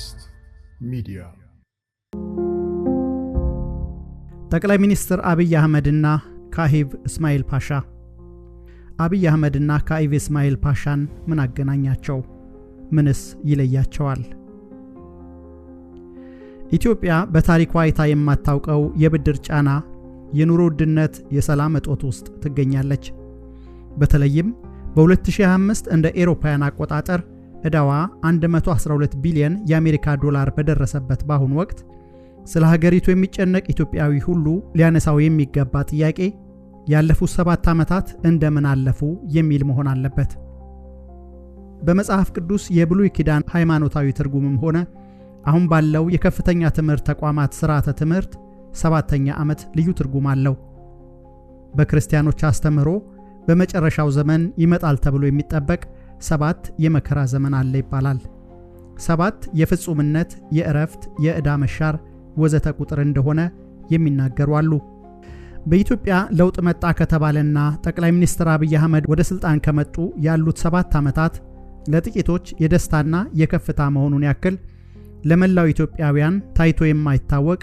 መንግስት ሚዲያ ጠቅላይ ሚኒስትር አብይ አህመድና ካሂብ እስማኤል ፓሻ አብይ አህመድና ካሂብ እስማኤል ፓሻን ምን አገናኛቸው? ምንስ ይለያቸዋል? ኢትዮጵያ በታሪኳ አይታ የማታውቀው የብድር ጫና፣ የኑሮ ውድነት፣ የሰላም እጦት ውስጥ ትገኛለች። በተለይም በ2025 እንደ ኤሮፓውያን አቆጣጠር ዕዳዋ 112 ቢሊዮን የአሜሪካ ዶላር በደረሰበት በአሁኑ ወቅት ስለ ሀገሪቱ የሚጨነቅ ኢትዮጵያዊ ሁሉ ሊያነሳው የሚገባ ጥያቄ ያለፉት ሰባት ዓመታት እንደምን አለፉ የሚል መሆን አለበት። በመጽሐፍ ቅዱስ የብሉይ ኪዳን ሃይማኖታዊ ትርጉምም ሆነ አሁን ባለው የከፍተኛ ትምህርት ተቋማት ስርዓተ ትምህርት ሰባተኛ ዓመት ልዩ ትርጉም አለው። በክርስቲያኖች አስተምህሮ በመጨረሻው ዘመን ይመጣል ተብሎ የሚጠበቅ ሰባት የመከራ ዘመን አለ ይባላል። ሰባት የፍጹምነት፣ የእረፍት፣ የዕዳ መሻር ወዘተ ቁጥር እንደሆነ የሚናገሩ አሉ። በኢትዮጵያ ለውጥ መጣ ከተባለና ጠቅላይ ሚኒስትር አብይ አህመድ ወደ ሥልጣን ከመጡ ያሉት ሰባት ዓመታት ለጥቂቶች የደስታና የከፍታ መሆኑን ያክል ለመላው ኢትዮጵያውያን ታይቶ የማይታወቅ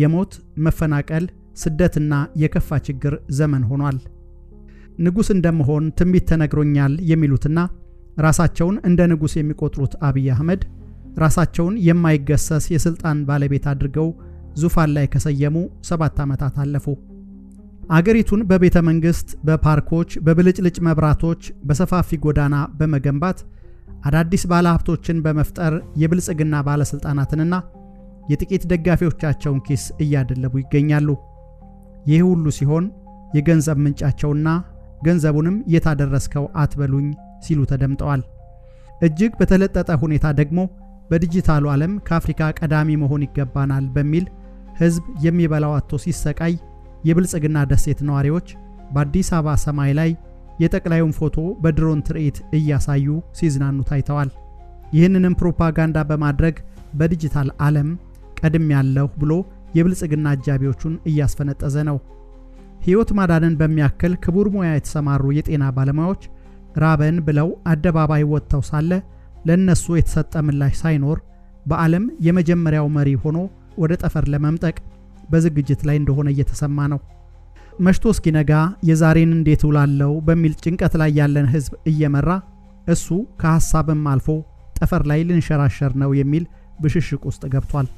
የሞት መፈናቀል፣ ስደትና የከፋ ችግር ዘመን ሆኗል። ንጉሥ እንደመሆን ትንቢት ተነግሮኛል የሚሉትና ራሳቸውን እንደ ንጉሥ የሚቆጥሩት አብይ አህመድ ራሳቸውን የማይገሰስ የሥልጣን ባለቤት አድርገው ዙፋን ላይ ከሰየሙ ሰባት ዓመታት አለፉ። አገሪቱን በቤተ መንግሥት፣ በፓርኮች፣ በብልጭልጭ መብራቶች፣ በሰፋፊ ጎዳና በመገንባት አዳዲስ ባለሀብቶችን በመፍጠር የብልጽግና ባለሥልጣናትንና የጥቂት ደጋፊዎቻቸውን ኪስ እያደለቡ ይገኛሉ። ይህ ሁሉ ሲሆን የገንዘብ ምንጫቸውና ገንዘቡንም የታደረስከው አትበሉኝ ሲሉ ተደምጠዋል። እጅግ በተለጠጠ ሁኔታ ደግሞ በዲጂታሉ ዓለም ከአፍሪካ ቀዳሚ መሆን ይገባናል በሚል ሕዝብ የሚበላው አቶ ሲሰቃይ የብልጽግና ደሴት ነዋሪዎች በአዲስ አበባ ሰማይ ላይ የጠቅላዩን ፎቶ በድሮን ትርኢት እያሳዩ ሲዝናኑ ታይተዋል። ይህንንም ፕሮፓጋንዳ በማድረግ በዲጂታል ዓለም ቀድም ያለሁ ብሎ የብልጽግና አጃቢዎቹን እያስፈነጠዘ ነው። ሕይወት ማዳንን በሚያክል ክቡር ሙያ የተሰማሩ የጤና ባለሙያዎች ራበን ብለው አደባባይ ወጥተው ሳለ ለእነሱ የተሰጠ ምላሽ ሳይኖር በዓለም የመጀመሪያው መሪ ሆኖ ወደ ጠፈር ለመምጠቅ በዝግጅት ላይ እንደሆነ እየተሰማ ነው። መሽቶ እስኪነጋ የዛሬን እንዴት ውላለው በሚል ጭንቀት ላይ ያለን ህዝብ እየመራ እሱ ከሐሳብም አልፎ ጠፈር ላይ ልንሸራሸር ነው የሚል ብሽሽቅ ውስጥ ገብቷል።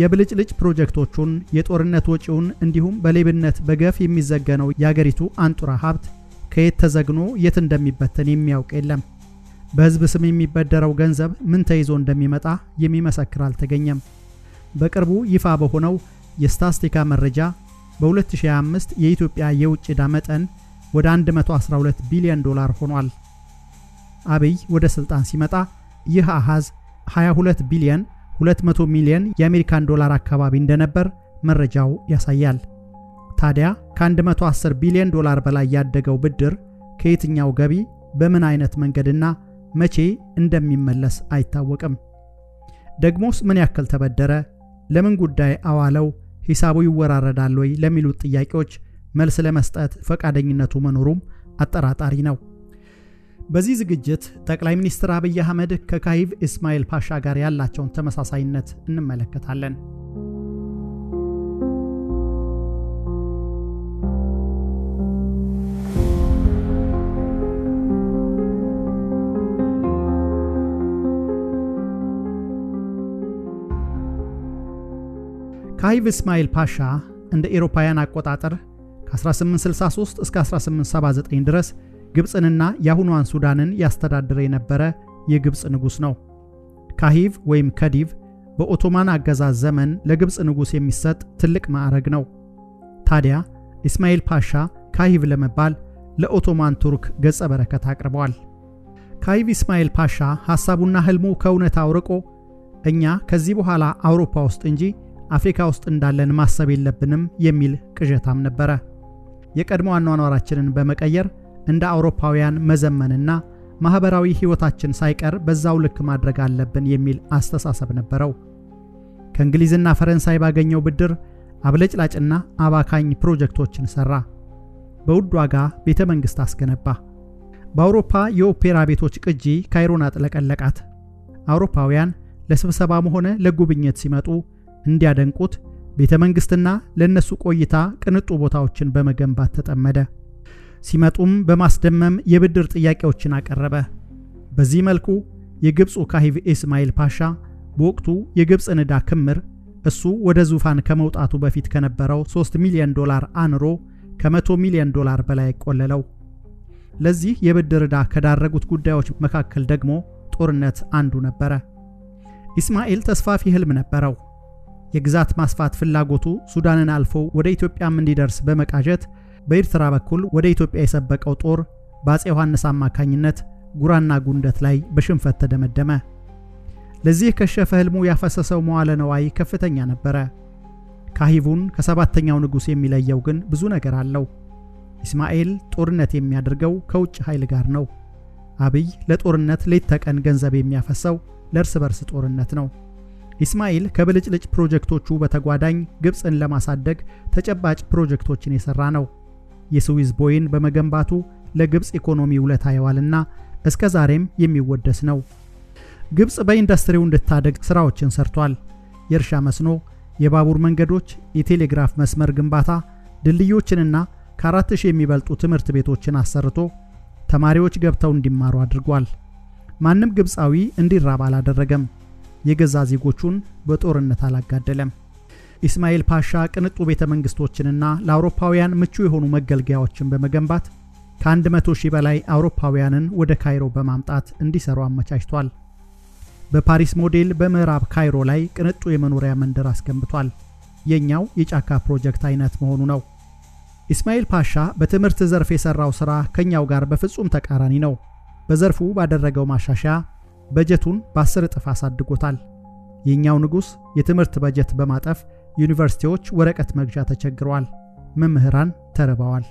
የብልጭልጭ ፕሮጀክቶቹን፣ የጦርነት ወጪውን እንዲሁም በሌብነት በገፍ የሚዘገነው የአገሪቱ አንጡራ ሀብት ከየት ተዘግኖ የት እንደሚበተን የሚያውቅ የለም። በህዝብ ስም የሚበደረው ገንዘብ ምን ተይዞ እንደሚመጣ የሚመሰክር አልተገኘም። በቅርቡ ይፋ በሆነው የስታስቲካ መረጃ በ2025 የኢትዮጵያ የውጭ ዕዳ መጠን ወደ 112 ቢሊዮን ዶላር ሆኗል። አብይ ወደ ሥልጣን ሲመጣ ይህ አሃዝ 22 ቢሊዮን 200 ሚሊዮን የአሜሪካን ዶላር አካባቢ እንደነበር መረጃው ያሳያል። ታዲያ ከ110 ቢሊዮን ዶላር በላይ ያደገው ብድር ከየትኛው ገቢ በምን አይነት መንገድና መቼ እንደሚመለስ አይታወቅም። ደግሞስ ምን ያክል ተበደረ? ለምን ጉዳይ አዋለው? ሂሳቡ ይወራረዳል ወይ ለሚሉት ጥያቄዎች መልስ ለመስጠት ፈቃደኝነቱ መኖሩም አጠራጣሪ ነው። በዚህ ዝግጅት ጠቅላይ ሚኒስትር አብይ አህመድ ከካይቭ ኢስማኤል ፓሻ ጋር ያላቸውን ተመሳሳይነት እንመለከታለን። ካሂቭ እስማኤል ፓሻ እንደ ኤሮፓውያን አቆጣጠር ከ1863 እስከ 1879 ድረስ ግብፅንና የአሁኗን ሱዳንን ያስተዳድረ የነበረ የግብፅ ንጉሥ ነው። ካሂቭ ወይም ከዲቭ በኦቶማን አገዛዝ ዘመን ለግብፅ ንጉሥ የሚሰጥ ትልቅ ማዕረግ ነው። ታዲያ ኢስማኤል ፓሻ ካሂቭ ለመባል ለኦቶማን ቱርክ ገጸ በረከት አቅርበዋል። ካሂቭ ኢስማኤል ፓሻ ሐሳቡና ሕልሙ ከእውነት አውርቆ እኛ ከዚህ በኋላ አውሮፓ ውስጥ እንጂ አፍሪካ ውስጥ እንዳለን ማሰብ የለብንም የሚል ቅዠታም ነበረ። የቀድሞ አኗኗራችንን በመቀየር እንደ አውሮፓውያን መዘመንና ማኅበራዊ ሕይወታችን ሳይቀር በዛው ልክ ማድረግ አለብን የሚል አስተሳሰብ ነበረው። ከእንግሊዝና ፈረንሳይ ባገኘው ብድር አብለጭላጭና አባካኝ ፕሮጀክቶችን ሠራ። በውድ ዋጋ ቤተ መንግሥት አስገነባ። በአውሮፓ የኦፔራ ቤቶች ቅጂ ካይሮን አጥለቀለቃት። አውሮፓውያን ለስብሰባም ሆነ ለጉብኝት ሲመጡ እንዲያደንቁት ቤተ መንግሥትና ለእነሱ ቆይታ ቅንጡ ቦታዎችን በመገንባት ተጠመደ። ሲመጡም በማስደመም የብድር ጥያቄዎችን አቀረበ። በዚህ መልኩ የግብፁ ካሂቭ ኢስማኤል ፓሻ በወቅቱ የግብፅን ዕዳ ክምር እሱ ወደ ዙፋን ከመውጣቱ በፊት ከነበረው 3 ሚሊዮን ዶላር አንሮ ከ100 ሚሊዮን ዶላር በላይ ቆለለው። ለዚህ የብድር ዕዳ ከዳረጉት ጉዳዮች መካከል ደግሞ ጦርነት አንዱ ነበረ። ኢስማኤል ተስፋፊ ህልም ነበረው። የግዛት ማስፋት ፍላጎቱ ሱዳንን አልፎ ወደ ኢትዮጵያም እንዲደርስ በመቃጀት በኤርትራ በኩል ወደ ኢትዮጵያ የሰበቀው ጦር በአፄ ዮሐንስ አማካኝነት ጉራና ጉንደት ላይ በሽንፈት ተደመደመ። ለዚህ ከሸፈ ህልሙ ያፈሰሰው መዋለ ነዋይ ከፍተኛ ነበረ። ካሂቡን ከሰባተኛው ንጉሥ የሚለየው ግን ብዙ ነገር አለው። ኢስማኤል ጦርነት የሚያደርገው ከውጭ ኃይል ጋር ነው። አብይ ለጦርነት ሌት ተቀን ገንዘብ የሚያፈሰው ለእርስ በርስ ጦርነት ነው። ኢስማኤል ከብልጭልጭ ፕሮጀክቶቹ በተጓዳኝ ግብፅን ለማሳደግ ተጨባጭ ፕሮጀክቶችን የሰራ ነው። የስዊዝ ቦይን በመገንባቱ ለግብፅ ኢኮኖሚ ውለታ ይዋልና እስከ ዛሬም የሚወደስ ነው። ግብፅ በኢንዱስትሪው እንድታደግ ሥራዎችን ሰርቷል። የእርሻ መስኖ፣ የባቡር መንገዶች፣ የቴሌግራፍ መስመር ግንባታ፣ ድልድዮችንና ከአራት ሺህ የሚበልጡ ትምህርት ቤቶችን አሰርቶ ተማሪዎች ገብተው እንዲማሩ አድርጓል። ማንም ግብፃዊ እንዲራብ አላደረገም። የገዛ ዜጎቹን በጦርነት አላጋደለም። ኢስማኤል ፓሻ ቅንጡ ቤተ መንግስቶችንና ለአውሮፓውያን ምቹ የሆኑ መገልገያዎችን በመገንባት ከ100 ሺህ በላይ አውሮፓውያንን ወደ ካይሮ በማምጣት እንዲሰሩ አመቻችቷል። በፓሪስ ሞዴል በምዕራብ ካይሮ ላይ ቅንጡ የመኖሪያ መንደር አስገንብቷል። የኛው የጫካ ፕሮጀክት አይነት መሆኑ ነው። ኢስማኤል ፓሻ በትምህርት ዘርፍ የሰራው ሥራ ከኛው ጋር በፍጹም ተቃራኒ ነው። በዘርፉ ባደረገው ማሻሻያ በጀቱን በአስር እጥፍ አሳድጎታል። የእኛው ንጉሥ የትምህርት በጀት በማጠፍ ዩኒቨርሲቲዎች ወረቀት መግዣ ተቸግረዋል፣ መምህራን ተርበዋል።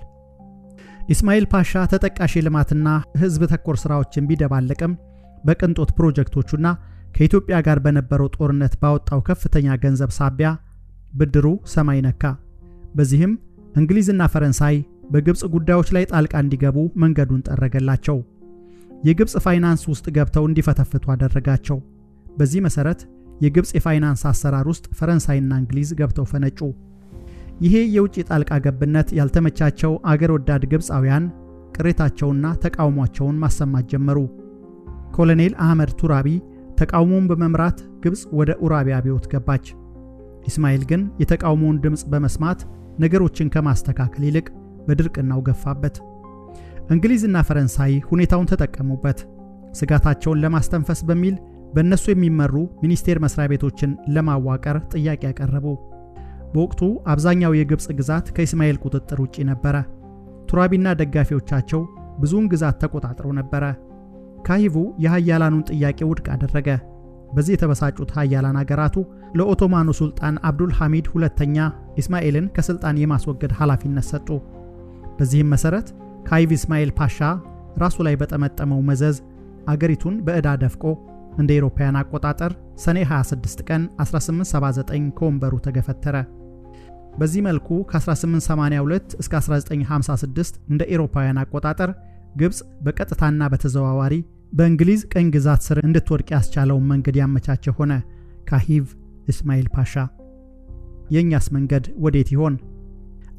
ኢስማኤል ፓሻ ተጠቃሽ ልማትና ሕዝብ ተኮር ሥራዎችን ቢደባለቅም በቅንጦት ፕሮጀክቶቹና ከኢትዮጵያ ጋር በነበረው ጦርነት ባወጣው ከፍተኛ ገንዘብ ሳቢያ ብድሩ ሰማይ ነካ። በዚህም እንግሊዝና ፈረንሳይ በግብፅ ጉዳዮች ላይ ጣልቃ እንዲገቡ መንገዱን ጠረገላቸው። የግብፅ ፋይናንስ ውስጥ ገብተው እንዲፈተፍቱ አደረጋቸው። በዚህ መሰረት የግብፅ የፋይናንስ አሰራር ውስጥ ፈረንሳይና እንግሊዝ ገብተው ፈነጩ። ይሄ የውጭ ጣልቃ ገብነት ያልተመቻቸው አገር ወዳድ ግብፃውያን ቅሬታቸውና ተቃውሟቸውን ማሰማት ጀመሩ። ኮሎኔል አህመድ ቱራቢ ተቃውሞውን በመምራት ግብፅ ወደ ኡራቢ አብዮት ገባች። ኢስማኤል ግን የተቃውሞውን ድምፅ በመስማት ነገሮችን ከማስተካከል ይልቅ በድርቅናው ገፋበት። እንግሊዝና ፈረንሳይ ሁኔታውን ተጠቀሙበት። ስጋታቸውን ለማስተንፈስ በሚል በእነሱ የሚመሩ ሚኒስቴር መስሪያ ቤቶችን ለማዋቀር ጥያቄ ያቀረቡ። በወቅቱ አብዛኛው የግብፅ ግዛት ከእስማኤል ቁጥጥር ውጪ ነበረ። ቱራቢና ደጋፊዎቻቸው ብዙውን ግዛት ተቆጣጥሮ ነበረ። ካሂቡ የሃያላኑን ጥያቄ ውድቅ አደረገ። በዚህ የተበሳጩት ሃያላን አገራቱ ለኦቶማኑ ሱልጣን አብዱል ሐሚድ ሁለተኛ ኢስማኤልን ከስልጣን የማስወገድ ኃላፊነት ሰጡ። በዚህም መሰረት ካይቭ እስማኤል ፓሻ ራሱ ላይ በጠመጠመው መዘዝ አገሪቱን በዕዳ ደፍቆ እንደ አውሮፓውያን አቆጣጠር ሰኔ 26 ቀን 1879 ከወንበሩ ተገፈተረ። በዚህ መልኩ ከ1882 እስከ 1956 እንደ አውሮፓውያን አቆጣጠር ግብፅ በቀጥታና በተዘዋዋሪ በእንግሊዝ ቀኝ ግዛት ስር እንድትወድቅ ያስቻለውን መንገድ ያመቻቸ ሆነ። ካሂቭ እስማኤል ፓሻ። የእኛስ መንገድ ወዴት ይሆን?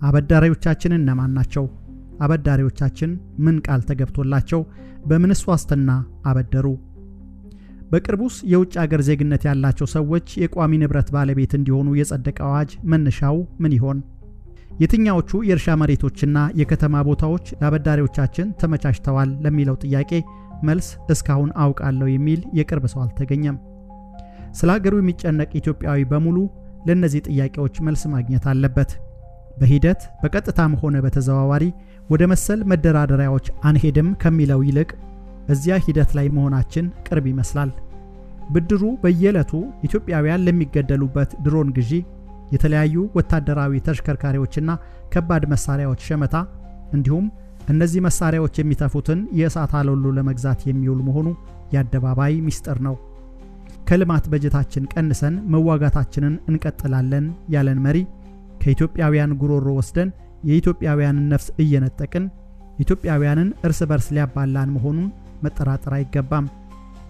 አበዳሪዎቻችን እነማን ናቸው? አበዳሪዎቻችን ምን ቃል ተገብቶላቸው በምንስ ዋስትና አበደሩ? በቅርቡስ የውጭ አገር ዜግነት ያላቸው ሰዎች የቋሚ ንብረት ባለቤት እንዲሆኑ የጸደቀ አዋጅ መነሻው ምን ይሆን? የትኛዎቹ የእርሻ መሬቶችና የከተማ ቦታዎች ለአበዳሪዎቻችን ተመቻችተዋል ለሚለው ጥያቄ መልስ እስካሁን አውቃለሁ የሚል የቅርብ ሰው አልተገኘም። ስለ ሀገሩ የሚጨነቅ ኢትዮጵያዊ በሙሉ ለእነዚህ ጥያቄዎች መልስ ማግኘት አለበት። በሂደት በቀጥታም ሆነ በተዘዋዋሪ ወደ መሰል መደራደሪያዎች አንሄድም ከሚለው ይልቅ እዚያ ሂደት ላይ መሆናችን ቅርብ ይመስላል። ብድሩ በየዕለቱ ኢትዮጵያውያን ለሚገደሉበት ድሮን ግዢ፣ የተለያዩ ወታደራዊ ተሽከርካሪዎችና ከባድ መሳሪያዎች ሸመታ እንዲሁም እነዚህ መሳሪያዎች የሚተፉትን የእሳት አለሉ ለመግዛት የሚውል መሆኑ የአደባባይ ሚስጥር ነው። ከልማት በጀታችን ቀንሰን መዋጋታችንን እንቀጥላለን ያለን መሪ ከኢትዮጵያውያን ጉሮሮ ወስደን የኢትዮጵያውያንን ነፍስ እየነጠቅን ኢትዮጵያውያንን እርስ በርስ ሊያባላን መሆኑን መጠራጠር አይገባም።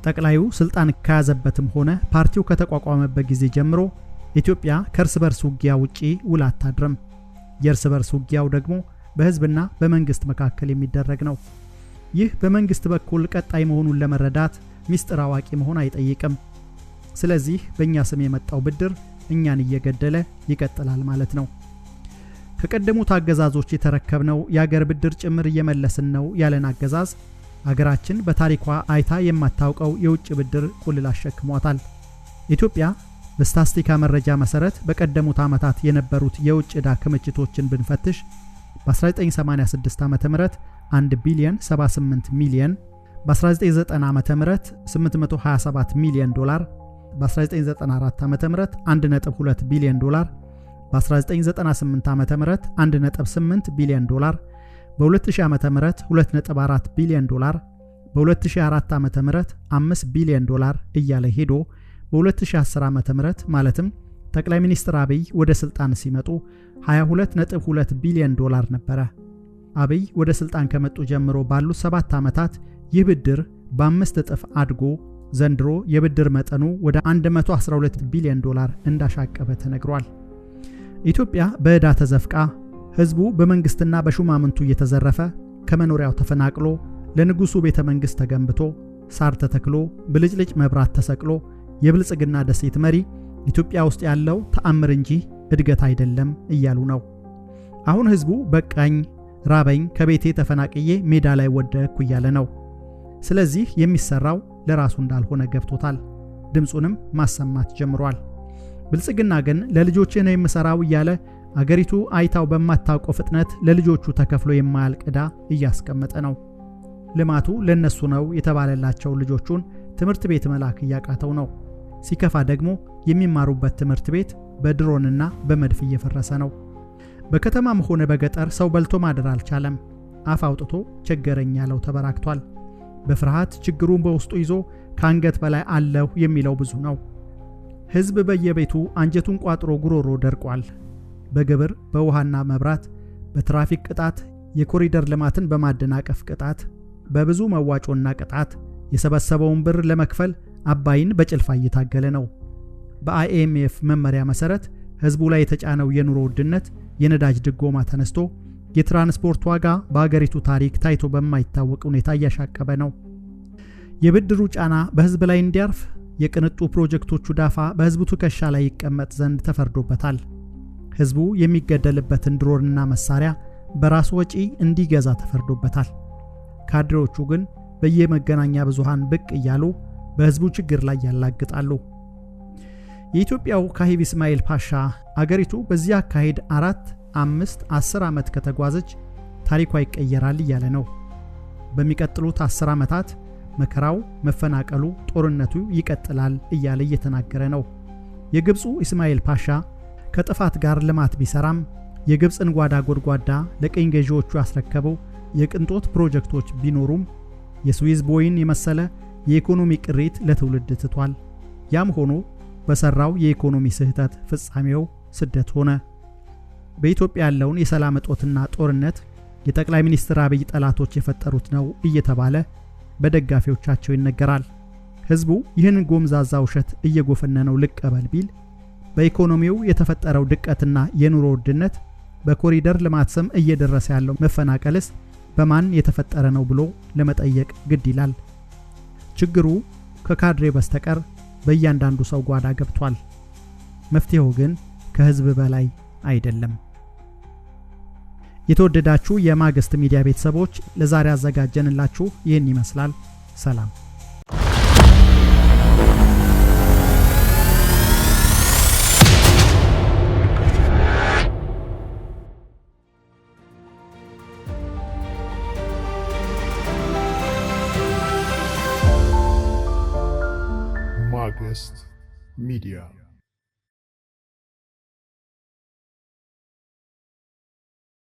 ጠቅላዩ ስልጣን ከያዘበትም ሆነ ፓርቲው ከተቋቋመበት ጊዜ ጀምሮ ኢትዮጵያ ከእርስ በርስ ውጊያ ውጪ ውል አታድርም። የእርስ በርስ ውጊያው ደግሞ በህዝብና በመንግስት መካከል የሚደረግ ነው። ይህ በመንግስት በኩል ቀጣይ መሆኑን ለመረዳት ሚስጥር አዋቂ መሆን አይጠይቅም። ስለዚህ በእኛ ስም የመጣው ብድር እኛን እየገደለ ይቀጥላል ማለት ነው። ከቀደሙት አገዛዞች የተረከብነው የአገር ብድር ጭምር እየመለስን ነው ያለን አገዛዝ አገራችን በታሪኳ አይታ የማታውቀው የውጭ ብድር ቁልል አሸክሟታል። ኢትዮጵያ በስታስቲካ መረጃ መሰረት በቀደሙት ዓመታት የነበሩት የውጭ ዕዳ ክምችቶችን ብንፈትሽ በ1986 ዓ ም 1 ቢሊዮን 78 ሚሊዮን በ1990 ዓ ም 827 ሚሊዮን ዶላር በ1994 ዓ ም 1.2 ቢሊዮን ዶላር በ1998 ዓ ም 1.8 ቢሊዮን ዶላር በ2000 ዓ ም 2.4 ቢሊዮን ዶላር በ2004 ዓ ም 5 ቢሊዮን ዶላር እያለ ሄዶ በ2010 ዓ ም ማለትም ጠቅላይ ሚኒስትር አብይ ወደ ሥልጣን ሲመጡ 22.2 ቢሊዮን ዶላር ነበረ። አብይ ወደ ሥልጣን ከመጡ ጀምሮ ባሉት ሰባት ዓመታት ይህ ብድር በአምስት እጥፍ አድጎ ዘንድሮ የብድር መጠኑ ወደ 112 ቢሊዮን ዶላር እንዳሻቀበ ተነግሯል። ኢትዮጵያ በዕዳ ተዘፍቃ ህዝቡ በመንግስትና በሹማምንቱ እየተዘረፈ ከመኖሪያው ተፈናቅሎ ለንጉሱ ቤተ መንግሥት ተገንብቶ ሳር ተተክሎ ብልጭልጭ መብራት ተሰቅሎ የብልጽግና ደሴት መሪ ኢትዮጵያ ውስጥ ያለው ተአምር እንጂ እድገት አይደለም እያሉ ነው። አሁን ህዝቡ በቃኝ፣ ራበኝ፣ ከቤቴ ተፈናቅዬ ሜዳ ላይ ወደኩ እያለ ነው። ስለዚህ የሚሰራው ለራሱ እንዳልሆነ ገብቶታል። ድምፁንም ማሰማት ጀምሯል። ብልጽግና ግን ለልጆች ነው የምሰራው እያለ አገሪቱ አይታው በማታውቀው ፍጥነት ለልጆቹ ተከፍሎ የማያልቅ ዕዳ እያስቀመጠ ነው። ልማቱ ለነሱ ነው የተባለላቸው ልጆቹን ትምህርት ቤት መላክ እያቃተው ነው። ሲከፋ ደግሞ የሚማሩበት ትምህርት ቤት በድሮንና በመድፍ እየፈረሰ ነው። በከተማም ሆነ በገጠር ሰው በልቶ ማደር አልቻለም። አፍ አውጥቶ ቸገረኝ ያለው ተበራክቷል። በፍርሃት ችግሩን በውስጡ ይዞ ከአንገት በላይ አለሁ የሚለው ብዙ ነው። ሕዝብ በየቤቱ አንጀቱን ቋጥሮ ጉሮሮ ደርቋል። በግብር በውሃና መብራት፣ በትራፊክ ቅጣት፣ የኮሪደር ልማትን በማደናቀፍ ቅጣት፣ በብዙ መዋጮና ቅጣት የሰበሰበውን ብር ለመክፈል አባይን በጭልፋ እየታገለ ነው። በአይኤምኤፍ መመሪያ መሠረት ሕዝቡ ላይ የተጫነው የኑሮ ውድነት የነዳጅ ድጎማ ተነስቶ የትራንስፖርት ዋጋ በአገሪቱ ታሪክ ታይቶ በማይታወቅ ሁኔታ እያሻቀበ ነው። የብድሩ ጫና በህዝብ ላይ እንዲያርፍ የቅንጡ ፕሮጀክቶቹ ዳፋ በህዝቡ ትከሻ ላይ ይቀመጥ ዘንድ ተፈርዶበታል። ህዝቡ የሚገደልበትን ድሮንና መሳሪያ በራሱ ወጪ እንዲገዛ ተፈርዶበታል። ካድሬዎቹ ግን በየመገናኛ ብዙሃን ብቅ እያሉ በህዝቡ ችግር ላይ ያላግጣሉ። የኢትዮጵያው ካሂብ እስማኤል ፓሻ አገሪቱ በዚህ አካሄድ አራት አምስት አስር ዓመት ከተጓዘች ታሪኳ ይቀየራል እያለ ነው። በሚቀጥሉት አስር ዓመታት መከራው፣ መፈናቀሉ፣ ጦርነቱ ይቀጥላል እያለ እየተናገረ ነው። የግብፁ ኢስማኤል ፓሻ ከጥፋት ጋር ልማት ቢሰራም የግብፅን ጓዳ ጎድጓዳ ለቅኝ ገዢዎቹ ያስረከበው የቅንጦት ፕሮጀክቶች ቢኖሩም የስዊዝ ቦይን የመሰለ የኢኮኖሚ ቅሪት ለትውልድ ትቷል። ያም ሆኖ በሰራው የኢኮኖሚ ስህተት ፍጻሜው ስደት ሆነ። በኢትዮጵያ ያለውን የሰላም እጦትና ጦርነት የጠቅላይ ሚኒስትር አብይ ጠላቶች የፈጠሩት ነው እየተባለ በደጋፊዎቻቸው ይነገራል። ህዝቡ ይህን ጎምዛዛ ውሸት እየጎፈነነው ልቀበል ቢል በኢኮኖሚው የተፈጠረው ድቀትና የኑሮ ውድነት በኮሪደር ልማት ስም እየደረሰ ያለው መፈናቀልስ በማን የተፈጠረ ነው ብሎ ለመጠየቅ ግድ ይላል። ችግሩ ከካድሬ በስተቀር በእያንዳንዱ ሰው ጓዳ ገብቷል። መፍትሄው ግን ከህዝብ በላይ አይደለም። የተወደዳችሁ የማግስት ሚዲያ ቤተሰቦች ለዛሬ አዘጋጀንላችሁ ይህን ይመስላል። ሰላም